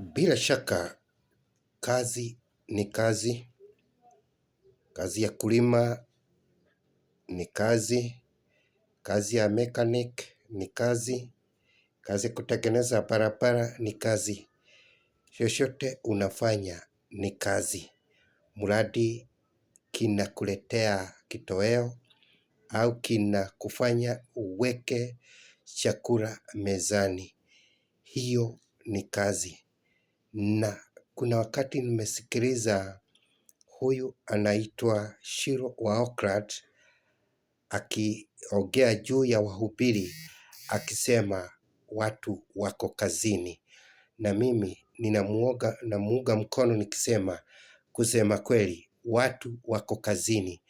Bila shaka kazi ni kazi, kazi ya kulima ni kazi, kazi ya mechanic ni kazi, kazi ya kutengeneza barabara ni kazi. Chochote unafanya ni kazi. Mradi kinakuletea kitoweo au kinakufanya uweke chakula mezani. Hiyo ni kazi na kuna wakati nimesikiliza huyu anaitwa Shiro wa Oakland akiongea juu ya wahubiri akisema watu wako kazini, na mimi ninamuoga namuunga mkono nikisema, kusema kweli, watu wako kazini.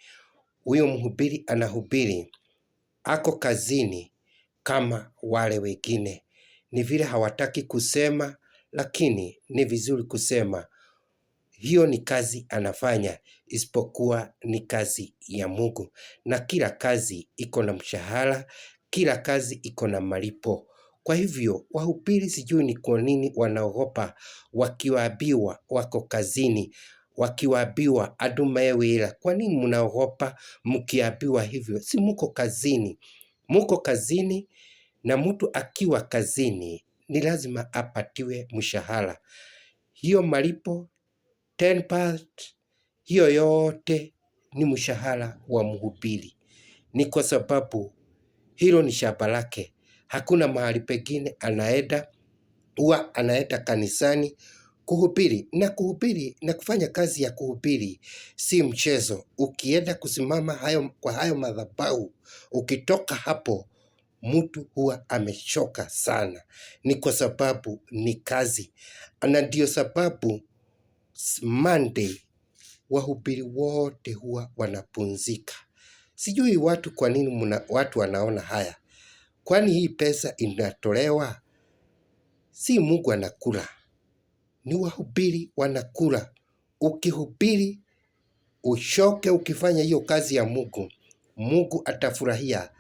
Huyo mhubiri anahubiri ako kazini kama wale wengine, ni vile hawataki kusema lakini ni vizuri kusema hiyo ni kazi anafanya, isipokuwa ni kazi ya Mungu, na kila kazi iko na mshahara, kila kazi iko na malipo. Kwa hivyo wahubiri, sijui ni kwa nini wanaogopa wakiwaambiwa wako kazini, wakiwaambiwa adumaye wira. Kwa nini mnaogopa mkiambiwa hivyo? Si muko kazini? Muko kazini, na mtu akiwa kazini ni lazima apatiwe mshahara. Hiyo malipo 10%, hiyo yote ni mshahara wa mhubiri. Ni kwa sababu hilo ni shamba lake, hakuna mahali pengine anaenda, huwa anaenda kanisani kuhubiri na kuhubiri na kufanya kazi ya kuhubiri si mchezo. Ukienda kusimama hayo, kwa hayo madhabahu ukitoka hapo mtu huwa amechoka sana, ni kwa sababu ni kazi, na ndio sababu Monday wahubiri wote huwa wanapunzika Sijui watu kwa nini muna, watu wanaona haya, kwani hii pesa inatolewa si Mungu anakula, ni wahubiri wanakula. Ukihubiri uchoke ukifanya hiyo kazi ya Mungu, Mungu atafurahia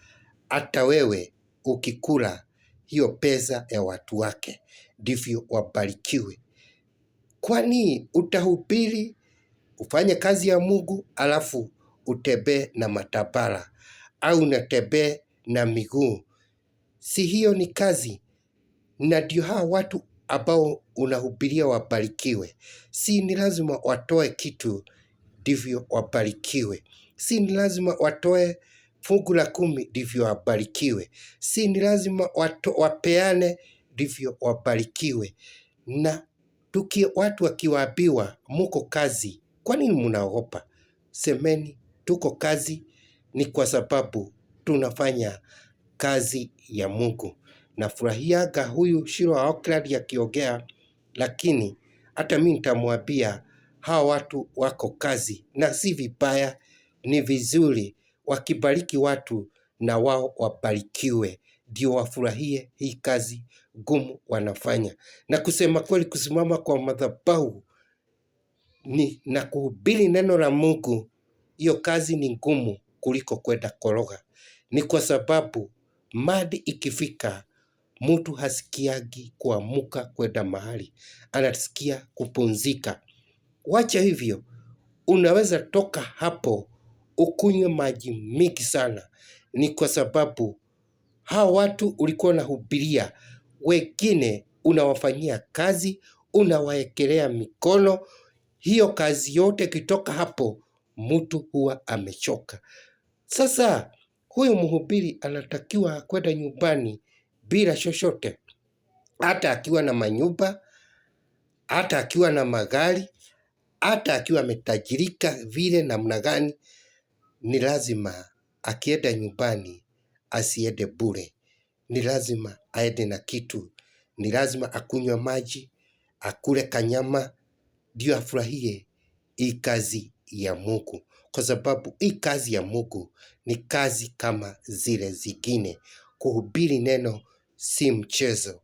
hata wewe ukikula hiyo pesa ya watu wake, ndivyo wabarikiwe. Kwani utahubiri ufanye kazi ya Mungu alafu utembee na matabara au unatembee na miguu? Si hiyo ni kazi? Na ndio hawa watu ambao unahubiria wabarikiwe, si ni lazima watoe kitu ndivyo wabarikiwe? Si ni lazima watoe fungu la kumi ndivyo wabarikiwe. Si ni lazima watu wapeane ndivyo wabarikiwe. Na tuki, watu wakiwaambiwa muko kazi, kwa nini mnaogopa? Semeni tuko kazi, ni kwa sababu tunafanya kazi ya Mungu. Nafurahiaga huyu Shiro wa Oakland akiongea, lakini hata mimi nitamwambia hawa watu wako kazi, na si vibaya, ni vizuri wakibariki watu na wao wabarikiwe, ndio wafurahie hii kazi ngumu wanafanya. Na kusema kweli, kusimama kwa madhabahu ni na kuhubiri neno la Mungu, hiyo kazi ni ngumu kuliko kwenda koroga. Ni kwa sababu madi ikifika mtu hasikiagi kuamuka kwenda mahali, anasikia kupunzika Wacha hivyo, unaweza toka hapo ukunywe maji mingi sana. Ni kwa sababu hawa watu ulikuwa unahubiria, wengine unawafanyia kazi, unawaekelea mikono. Hiyo kazi yote ikitoka hapo, mtu huwa amechoka. Sasa huyu mhubiri anatakiwa kwenda nyumbani bila chochote, hata akiwa na manyumba, hata akiwa na magari, hata akiwa ametajirika vile namna gani ni lazima akienda nyumbani asiende bure, ni lazima aende na kitu, ni lazima akunywa maji, akule kanyama, ndio afurahie hii kazi ya Mungu, kwa sababu hii kazi ya Mungu ni kazi kama zile zingine. Kuhubiri neno si mchezo,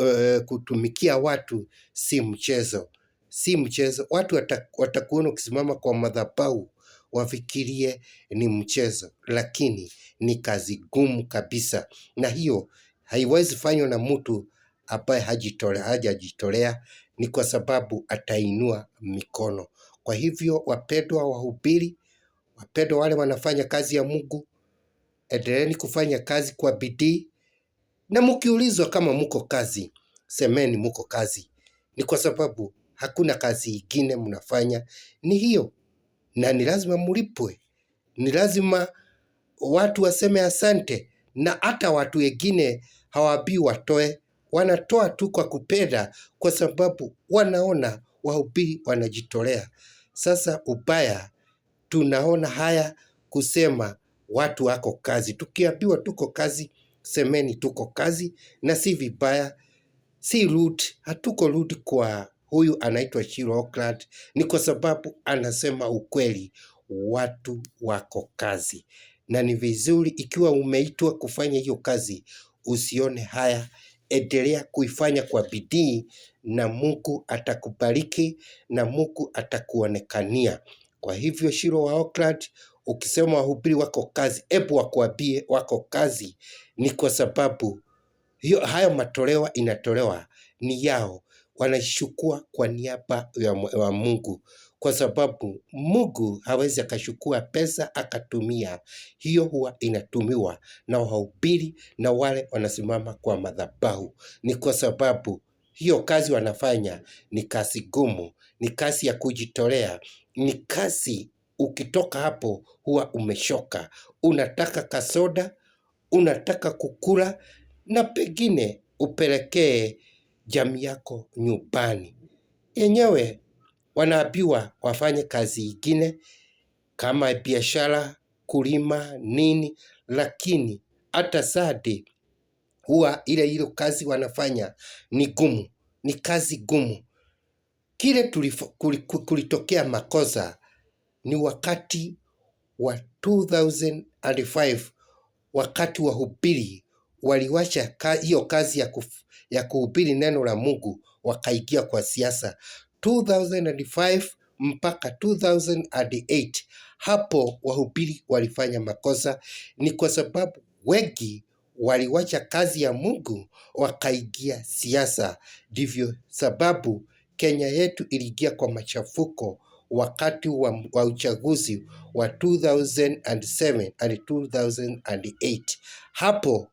eh, kutumikia watu si mchezo, si mchezo. Watu watakuona ukisimama kwa madhabahu wafikirie ni mchezo, lakini ni kazi gumu kabisa, na hiyo haiwezi fanywa na mtu ambaye hajitolea, hajajitolea ni kwa sababu atainua mikono. Kwa hivyo, wapendwa wahubiri, wapendwa wale wanafanya kazi ya Mungu, endeleeni kufanya kazi kwa bidii, na mkiulizwa kama mko kazi, semeni mko kazi, ni kwa sababu hakuna kazi ingine mnafanya, ni hiyo na ni lazima mlipwe, ni lazima watu waseme asante, na hata watu wengine hawaambii watoe, wanatoa tu kwa kupenda, kwa sababu wanaona wahubiri wanajitolea. Sasa ubaya tunaona haya kusema watu wako kazi, tukiambiwa tuko kazi, semeni tuko kazi, na si vibaya, si rude, hatuko rude kwa huyu anaitwa Chirocrat ni kwa sababu anasema ukweli, watu wako kazi, na ni vizuri ikiwa umeitwa kufanya hiyo kazi, usione haya, endelea kuifanya kwa bidii, na Mungu atakubariki na Mungu atakuonekania. Kwa hivyo Shiro wa Oakland, ukisema wahubiri wako kazi, hebu wakuambie wako kazi, ni kwa sababu hiyo hayo matolewa inatolewa ni yao wanashukua kwa niaba ya Mungu, kwa sababu Mungu hawezi akashukua pesa akatumia. Hiyo huwa inatumiwa na wahubiri na wale wanasimama kwa madhabahu, ni kwa sababu hiyo kazi wanafanya ni kazi gumu, ni kazi ya kujitolea, ni kazi ukitoka hapo huwa umeshoka, unataka kasoda, unataka kukula na pengine upelekee jamii yako nyumbani. Yenyewe wanaambiwa wafanye kazi ingine kama biashara, kulima nini, lakini hata sadi huwa ile hilo kazi wanafanya ni gumu, ni kazi gumu. Kile kulitokea makosa ni wakati wa 2005 wakati wa hubiri waliwacha hiyo kazi ya, kuf, ya kuhubiri neno la Mungu wakaingia kwa siasa 2005 mpaka 2008. Hapo wahubiri walifanya makosa, ni kwa sababu wengi waliwacha kazi ya Mungu wakaingia siasa. Ndivyo sababu Kenya yetu iliingia kwa machafuko wakati wa, wa uchaguzi wa 2007 and 2008. Hapo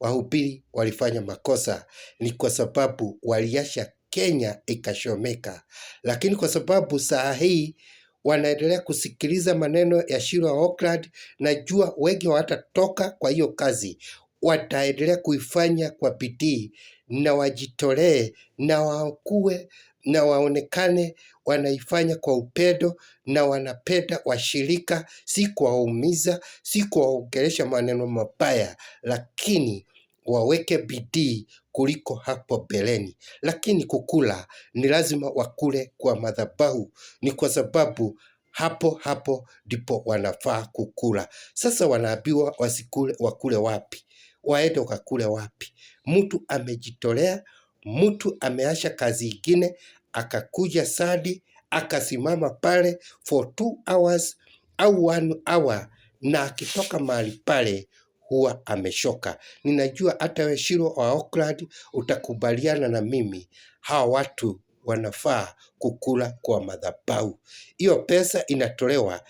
wahubiri walifanya makosa, ni kwa sababu waliasha Kenya ikashomeka, lakini kwa sababu saa hii wanaendelea kusikiliza maneno ya Shiro Oakland, najua wengi hawatatoka kwa hiyo kazi, wataendelea kuifanya kwa bidii na wajitolee na wakuwe na waonekane wanaifanya kwa upendo na wanapenda washirika, si kuwaumiza, si kuwaongelesha maneno mabaya, lakini waweke bidii kuliko hapo mbeleni. Lakini kukula ni lazima wakule kwa madhabahu, ni kwa sababu hapo hapo ndipo wanafaa kukula. Sasa wanaambiwa wasikule, wakule wapi? Waende wakakule wapi? Mtu amejitolea mtu ameacha kazi ingine akakuja sadi akasimama pale for two hours au one hour, na akitoka mahali pale huwa ameshoka. Ninajua hata we Shiro wa Oakland utakubaliana na mimi, hawa watu wanafaa kukula kwa madhabahu. Hiyo pesa inatolewa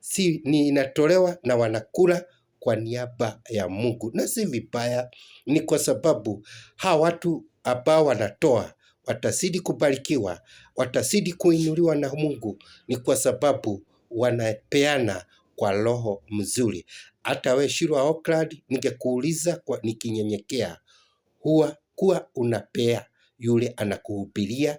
si ni inatolewa na wanakula kwa niaba ya Mungu, na si vibaya, ni kwa sababu hawa watu ambao wanatoa watazidi kubarikiwa, watazidi kuinuliwa na Mungu, ni kwa sababu wanapeana kwa roho mzuri. Hata we Shirwa Oakland, ningekuuliza kwa nikinyenyekea, huwa kuwa unapea yule anakuhubiria,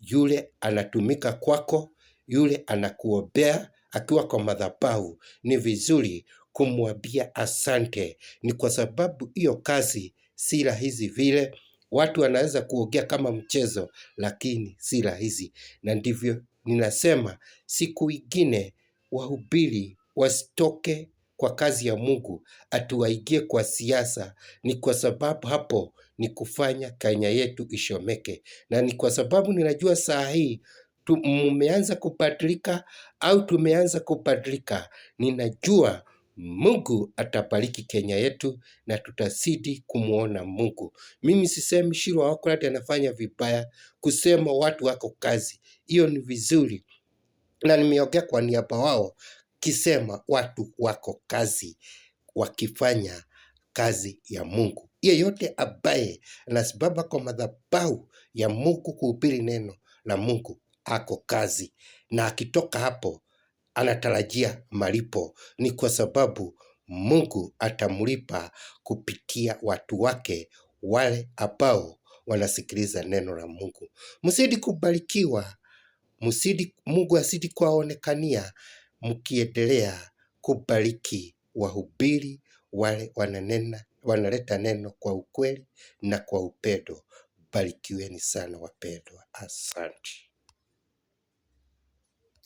yule anatumika kwako, yule anakuombea akiwa kwa madhabahu, ni vizuri kumwambia asante. Ni kwa sababu hiyo kazi si rahisi vile Watu wanaweza kuongea kama mchezo, lakini si rahisi. Na ndivyo ninasema siku ingine wahubiri wasitoke kwa kazi ya Mungu atuwaigie kwa siasa. Ni kwa sababu hapo ni kufanya Kenya yetu ishomeke, na ni kwa sababu ninajua saa hii tumeanza kubadilika au tumeanza kubadilika, ninajua Mungu atabariki Kenya yetu na tutazidi kumwona Mungu. Mimi sisemi Shiro Aukrat anafanya vibaya, kusema watu wako kazi, hiyo ni vizuri, na nimeongea kwa niaba wao kisema watu wako kazi, wakifanya kazi ya Mungu. Yeyote ambaye anasimama kwa madhabahu ya Mungu kuhubiri neno la Mungu ako kazi, na akitoka hapo anatarajia malipo, ni kwa sababu Mungu atamlipa kupitia watu wake wale ambao wanasikiliza neno la Mungu. Msidi kubarikiwa, msidi Mungu asidi kuwaonekania mkiendelea kubariki wahubiri wale wananena, wanaleta neno kwa ukweli na kwa upendo. Barikiweni sana wapendwa, asante.